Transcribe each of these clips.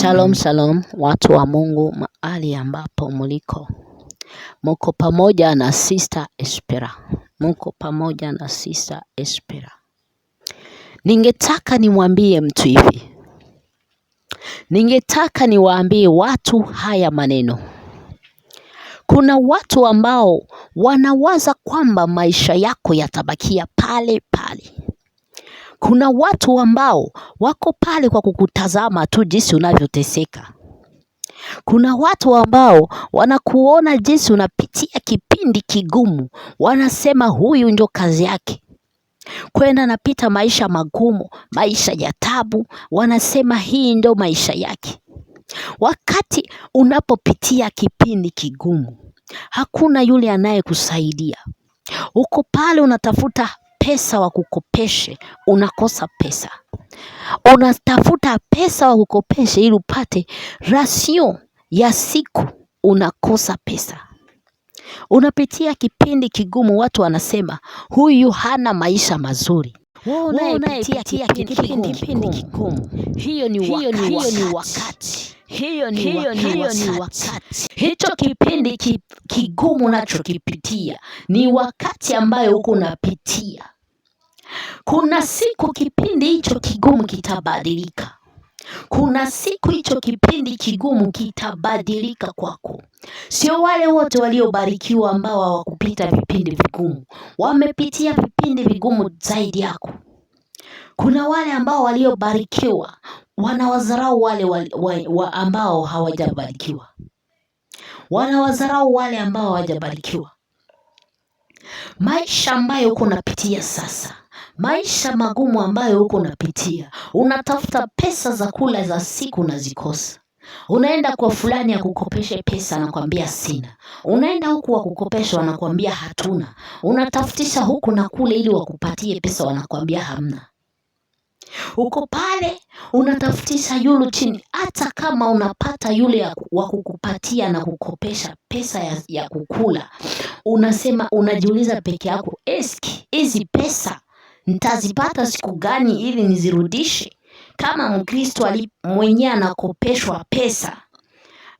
Shalom shalom watu wa Mungu mahali ambapo mliko. Muko pamoja na Sister Espera. Muko pamoja na Sister Espera. Ningetaka nimwambie mtu hivi. Ningetaka niwaambie watu haya maneno. Kuna watu ambao wanawaza kwamba maisha yako yatabakia pale pale. Kuna watu ambao wako pale kwa kukutazama tu jinsi unavyoteseka. Kuna watu ambao wanakuona jinsi unapitia kipindi kigumu, wanasema huyu ndio kazi yake. Kwenda anapita maisha magumu, maisha ya tabu wanasema hii ndio maisha yake. Wakati unapopitia kipindi kigumu, hakuna yule anayekusaidia. Uko pale unatafuta pesa wa kukopeshe unakosa pesa, unatafuta pesa wa kukopeshe ili upate rasio ya siku unakosa pesa. Unapitia kipindi kigumu, watu wanasema huyu hana maisha mazuri. Wewe unayepitia kipindi kigumu, hiyo ni wakati hiyo ni hiyo wakati, hiyo ni wakati. Hicho kipindi kigumu unachokipitia ni wakati ambayo uko unapitia. Kuna siku kipindi hicho kigumu kitabadilika. Kuna siku hicho kipindi kigumu kitabadilika kwako. Sio wale wote waliobarikiwa ambao hawakupita vipindi vigumu, wamepitia vipindi vigumu zaidi yako. Kuna wale ambao waliobarikiwa wanawadharau wale, wa, wa, wa ambao hawajabarikiwa, wanawadharau wale ambao hawajabarikiwa. Maisha ambayo uko unapitia sasa, maisha magumu ambayo uko unapitia, unatafuta pesa za kula za siku unazikosa unaenda kwa fulani akukopeshe pesa, anakuambia sina. Unaenda huku wakukopesha, wanakwambia hatuna. Unatafutisha huku na kule ili wakupatie pesa, wanakwambia hamna. Uko pale unatafutisha yulu chini, hata kama unapata yule wa kukupatia na kukopesha pesa ya, ya kukula, unasema unajiuliza peke yako, eski hizi pesa nitazipata siku gani ili nizirudishe? Kama Mkristo mwenyewe anakopeshwa pesa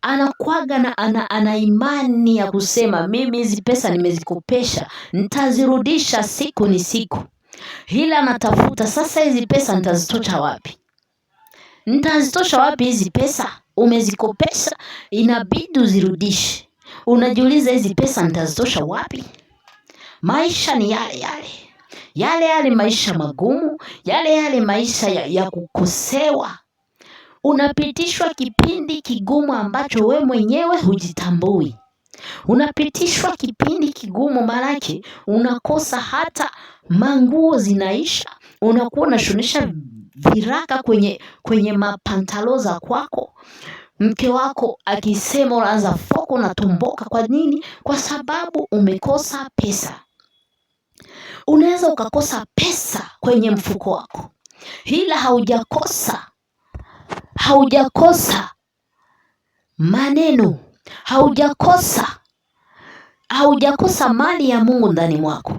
anakwaga na ana, ana imani ya kusema mimi hizi pesa nimezikopesha, nitazirudisha siku ni siku hila natafuta sasa. Hizi pesa nitazitosha wapi? Nitazitosha wapi hizi pesa? Umezikopesha, inabidi uzirudishe. Unajiuliza, hizi pesa nitazitosha wapi? Maisha ni yale yale yale yale, maisha magumu yale yale, maisha ya, ya kukosewa. Unapitishwa kipindi kigumu ambacho we mwenyewe hujitambui. Unapitishwa kipindi kigumu, maanake unakosa hata manguo zinaisha, unakuwa unashonesha viraka kwenye, kwenye mapantalo za kwako. Mke wako akisema unaanza foko unatomboka Kwa nini? Kwa sababu umekosa pesa. Unaweza ukakosa pesa kwenye mfuko wako, ila haujakosa haujakosa maneno haujakosa haujakosa mali ya Mungu ndani mwako.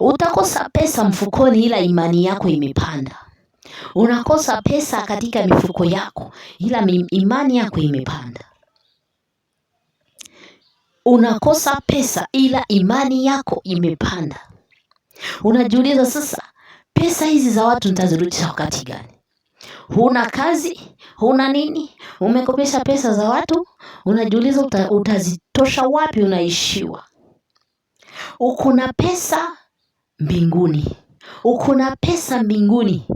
Utakosa pesa mfukoni, ila imani yako imepanda. Unakosa pesa katika mifuko yako, ila imani yako imepanda. Unakosa pesa, ila imani yako imepanda. Unajiuliza sasa, pesa hizi za watu nitazirudisha wakati gani? huna kazi, huna nini, umekopesha pesa za watu, unajiuliza uta, utazitosha wapi? Unaishiwa. Ukuna pesa mbinguni, ukuna pesa mbinguni.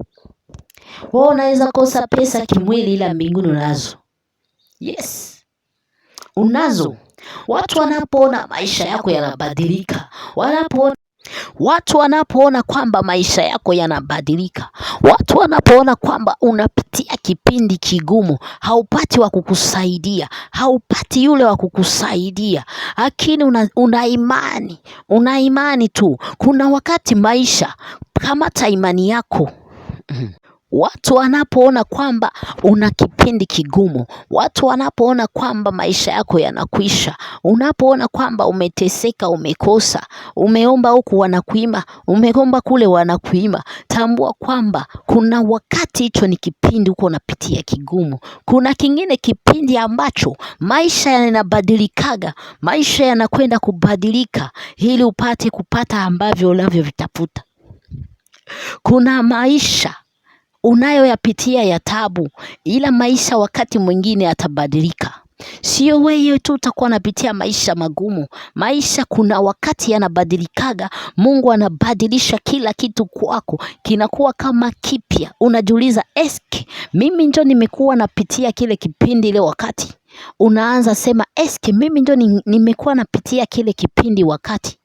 Wewe unaweza kosa pesa kimwili, ila mbinguni unazo. Yes, unazo. Watu wanapoona maisha yako yanabadilika, wanapoona Watu wanapoona kwamba maisha yako yanabadilika, watu wanapoona kwamba unapitia kipindi kigumu, haupati wa kukusaidia, haupati yule wa kukusaidia, lakini una, una imani, una imani tu. Kuna wakati maisha, kamata imani yako. Mm-hmm. Watu wanapoona kwamba una kipindi kigumu, watu wanapoona kwamba maisha yako yanakwisha, unapoona kwamba umeteseka, umekosa, umeomba huku wanakuima, umeomba kule wanakuima, tambua kwamba kuna wakati hicho ni kipindi uko unapitia kigumu. Kuna kingine kipindi ambacho maisha yanabadilikaga, maisha yanakwenda kubadilika ili upate kupata ambavyo unavyovitafuta. Kuna maisha unayoyapitia ya tabu ila maisha wakati mwingine yatabadilika. Sio wewe tu utakuwa unapitia maisha magumu. Maisha kuna wakati yanabadilikaga, Mungu anabadilisha kila kitu kwako, kinakuwa kama kipya. Unajiuliza, eske mimi ndio nimekuwa napitia kile kipindi ile wakati? Unaanza sema eske mimi ndio nimekuwa napitia kile kipindi wakati?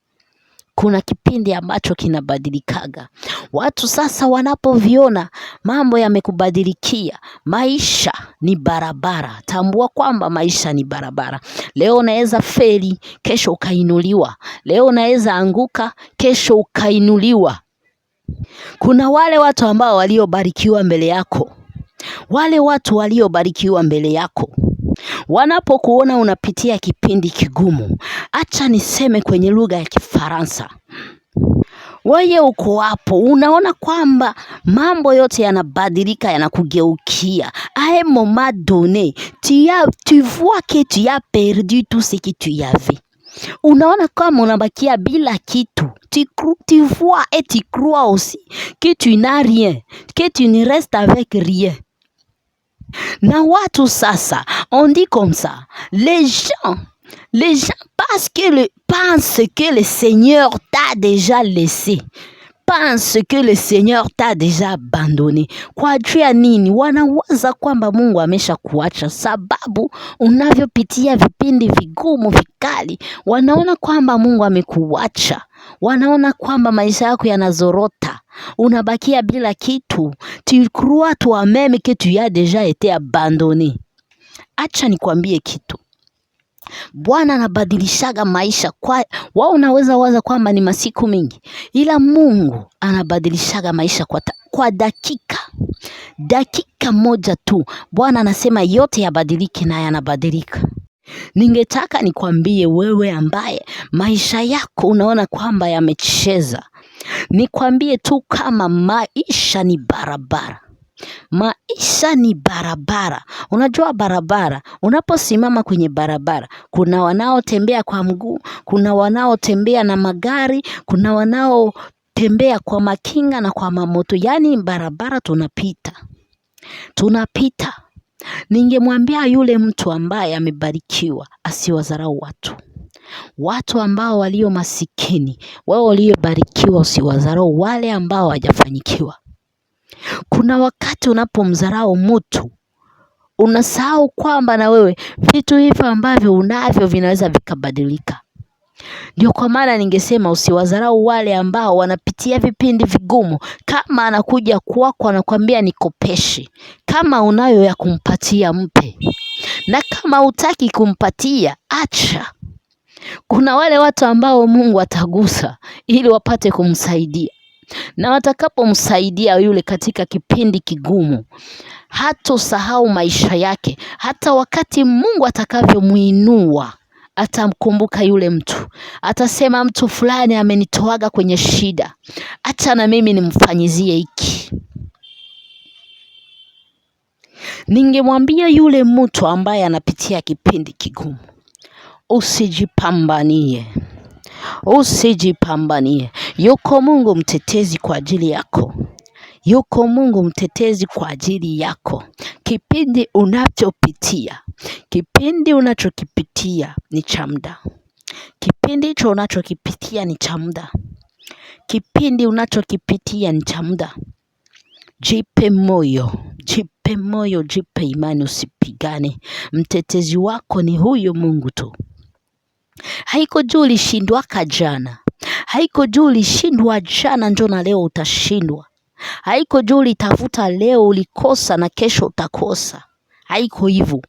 kuna kipindi ambacho kinabadilikaga. Watu sasa wanapoviona mambo yamekubadilikia, maisha ni barabara. Tambua kwamba maisha ni barabara. Leo unaweza feli, kesho ukainuliwa. Leo unaweza anguka, kesho ukainuliwa. Kuna wale watu ambao waliobarikiwa mbele yako. Wale watu waliobarikiwa mbele yako. Wanapokuona unapitia kipindi kigumu, acha niseme kwenye lugha ya Kifaransa. Wewe uko hapo, unaona kwamba mambo yote yanabadilika yanakugeukia. ae moma moment donné, tu as tu vois que tu as perdu tout ce que tu avais. Unaona kama unabakia bila kitu. Tu tu vois et tu crois aussi que tu n'as rien, que tu ne restes avec rien na watu sasa, on dit comme ça, les gens, les gens parce que le, pense que le Seigneur t'a déjà laissé. Pense que le Seigneur t'a deja abandonné. Kwa juu ya nini? Wanawaza kwamba Mungu amesha kuwacha sababu unavyopitia vipindi vigumu vikali, wanaona kwamba Mungu amekuacha, wanaona kwamba maisha yako yanazorota, Unabakia bila kitu. Tu crois toi-même que tu as déjà été abandonné. Acha nikwambie kitu. Bwana anabadilishaga maisha kwa wao, unaweza waza kwamba ni masiku mingi, ila Mungu anabadilishaga maisha kwa, ta, kwa dakika dakika moja tu. Bwana anasema yote yabadilike na yanabadilika. Ningetaka nikwambie wewe ambaye maisha yako unaona kwamba yamecheza, Nikwambie tu kama maisha ni barabara. Maisha ni barabara. Unajua barabara, unaposimama kwenye barabara. Kuna wanaotembea kwa mguu, kuna wanaotembea na magari, kuna wanaotembea kwa makinga na kwa mamoto. Yaani barabara tunapita. Tunapita. Ningemwambia yule mtu ambaye amebarikiwa, asiwadharau watu. Watu ambao walio masikini, wao waliobarikiwa usiwadharau wale ambao hawajafanyikiwa. Kuna wakati unapomdharau mtu unasahau kwamba na wewe vitu hivyo ambavyo unavyo vinaweza vikabadilika. Ndio kwa maana ningesema usiwadharau wale ambao wanapitia vipindi vigumu. Kama anakuja kwako anakuambia nikopeshe, kama unayo ya kumpatia mpe, na kama hutaki kumpatia acha. Kuna wale watu ambao Mungu atagusa ili wapate kumsaidia na watakapomsaidia yule katika kipindi kigumu, hatosahau maisha yake. Hata wakati Mungu atakavyomwinua atamkumbuka yule mtu, atasema mtu fulani amenitoaga kwenye shida, acha na mimi nimfanyizie hiki. Ningemwambia yule mtu ambaye anapitia kipindi kigumu Usijipambanie. Usijipambanie. Yuko Mungu mtetezi kwa ajili yako. Yuko Mungu mtetezi kwa ajili yako. Kipindi unachopitia, kipindi unachokipitia ni cha muda. Kipindi hicho unachokipitia ni cha muda. Kipindi unachokipitia ni cha muda. Jipe moyo, jipe moyo, jipe imani, usipigane. Mtetezi wako ni huyu Mungu tu. Haiko juu ulishindwaka jana, haiko juu ulishindwa jana njo na leo utashindwa, haiko juu ulitafuta leo ulikosa na kesho utakosa, haiko hivo.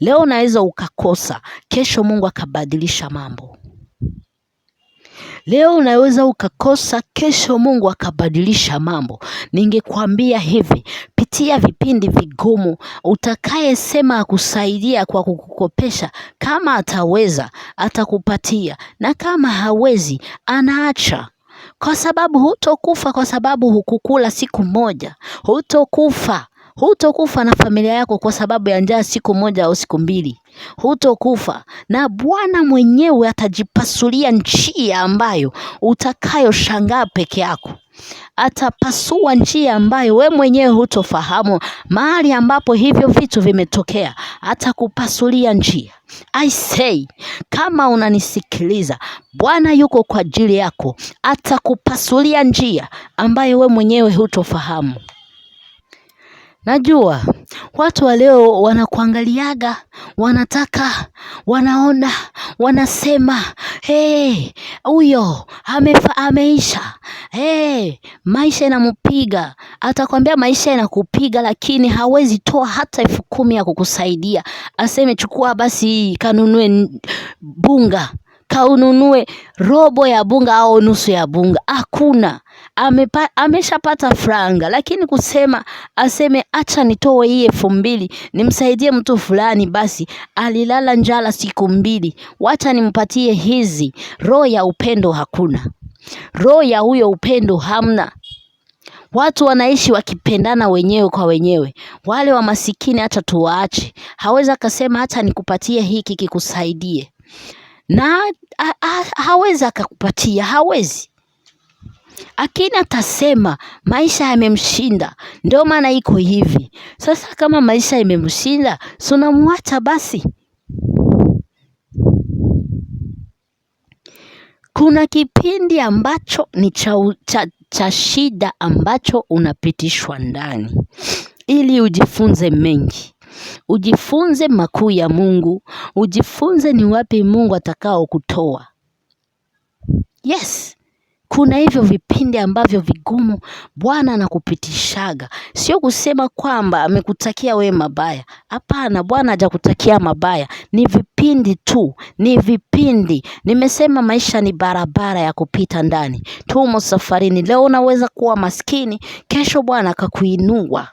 Leo unaweza ukakosa, kesho Mungu akabadilisha mambo. Leo unaweza ukakosa, kesho Mungu akabadilisha mambo. ningekwambia hivi, pitia vipindi vigumu, utakayesema akusaidia kwa kukukopesha, kama ataweza atakupatia, na kama hawezi anaacha kwa sababu hutokufa kwa sababu hukukula siku moja, hutokufa. Hutokufa na familia yako kwa sababu ya njaa siku moja au siku mbili, hutokufa na Bwana mwenyewe atajipasulia njia ambayo utakayoshangaa peke yako. Atapasua njia ambayo we mwenyewe hutofahamu, mahali ambapo hivyo vitu vimetokea, atakupasulia njia. I say, kama unanisikiliza, Bwana yuko kwa ajili yako, atakupasulia njia ambayo we mwenyewe hutofahamu. Najua watu wa leo wanakuangaliaga, wanataka, wanaona, wanasema, hey, huyo amefa, ameisha, hey, maisha inamupiga. Atakwambia maisha inakupiga, lakini hawezi toa hata elfu kumi ya kukusaidia, aseme chukua basi kanunue bunga kaununue robo ya bunga au nusu ya bunga. Hakuna, ameshapata franga, lakini kusema aseme acha nitoe hii elfu mbili nimsaidie mtu fulani, basi alilala njala siku mbili, wacha nimpatie hizi. Roho ya upendo hakuna, roho ya huyo upendo hamna. Watu wanaishi wakipendana wenyewe kwa wenyewe. Wale wa masikini hata tuwaache, hawezi akasema hata nikupatie hiki kikusaidie na ha ha hawezi akakupatia, hawezi. Akini atasema maisha yamemshinda, ndio maana iko hivi. Sasa kama maisha yamemshinda si unamwacha basi. Kuna kipindi ambacho ni cha, cha, cha shida ambacho unapitishwa ndani ili ujifunze mengi. Ujifunze makuu ya Mungu, ujifunze ni wapi Mungu atakao kutoa Yes, kuna hivyo vipindi ambavyo vigumu Bwana anakupitishaga. Sio kusema kwamba amekutakia we mabaya. Hapana, Bwana hajakutakia mabaya. Ni vipindi tu, ni vipindi. Nimesema maisha ni barabara ya kupita ndani. Tumo safarini, leo unaweza kuwa maskini, kesho Bwana akakuinua.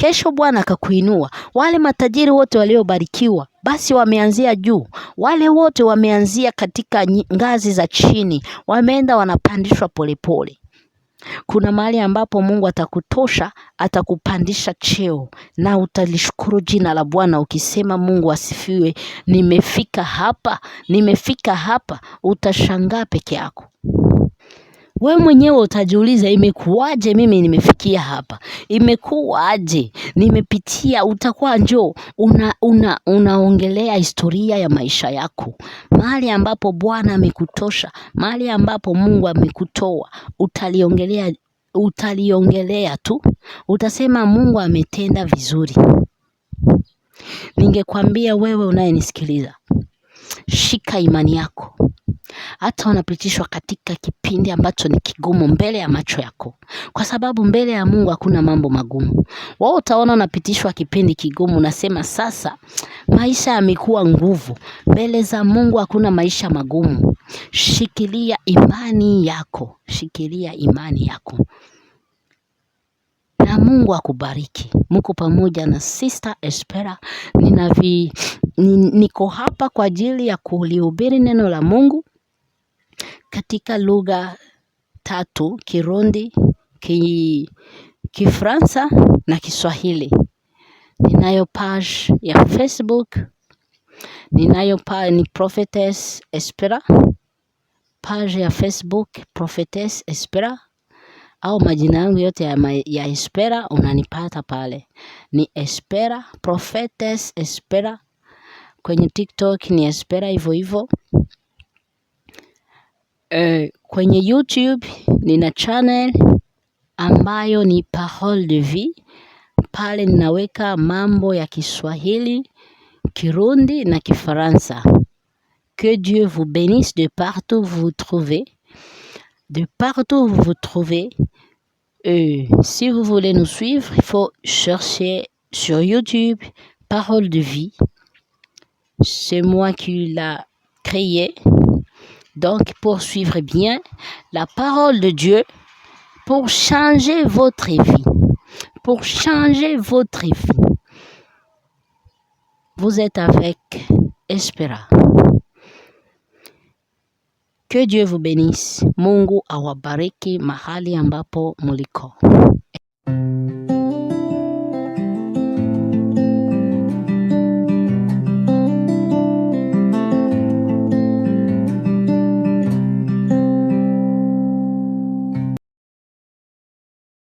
Kesho Bwana akakuinua. Wale matajiri wote waliobarikiwa basi wameanzia juu, wale wote wameanzia katika ngazi za chini, wameenda wanapandishwa polepole. Kuna mahali ambapo Mungu atakutosha, atakupandisha cheo na utalishukuru jina la Bwana ukisema, Mungu asifiwe, nimefika hapa, nimefika hapa. Utashangaa peke yako we mwenyewe utajiuliza imekuwaje mimi nimefikia hapa, imekuwaje nimepitia, utakuwa njo una, una, unaongelea historia ya maisha yako, mahali ambapo Bwana amekutosha, mahali ambapo Mungu amekutoa, utaliongelea utaliongelea tu, utasema Mungu ametenda vizuri. Ningekwambia wewe unayenisikiliza shika imani yako hata unapitishwa katika kipindi ambacho ni kigumu mbele ya macho yako, kwa sababu mbele ya Mungu hakuna mambo magumu. wao utaona unapitishwa kipindi kigumu, unasema sasa maisha yamekuwa nguvu. Mbele za Mungu hakuna maisha magumu. Shikilia imani yako, shikilia imani yako na Mungu akubariki. Mko pamoja na Sister Espera. Ninavi, niko hapa kwa ajili ya kulihubiri neno la Mungu katika lugha tatu: Kirundi, ki, Kifransa na Kiswahili. Ninayo page ya Facebook, ninayo page ni Prophetess Espera, page ya Facebook Prophetess Espera au majina yangu yote ya Espera unanipata pale. Ni Espera, Prophetess Espera. Kwenye TikTok ni Espera hivo hivo. Eh, kwenye YouTube nina channel ambayo ni Parole de Vie. Pale ninaweka mambo ya kiswahili, kirundi na kifaransa. Que Dieu vous bénisse de partout vous trouvez. de partout où vous vous trouvez. Euh, si vous voulez nous suivre, il faut chercher sur YouTube Parole de vie. C'est moi qui l'a créé. Donc, pour suivre bien la parole de Dieu pour changer votre vie. Pour changer votre vie. Vous êtes avec Espera. Que Dieu vous bénisse. Mungu awabariki mahali ambapo muliko.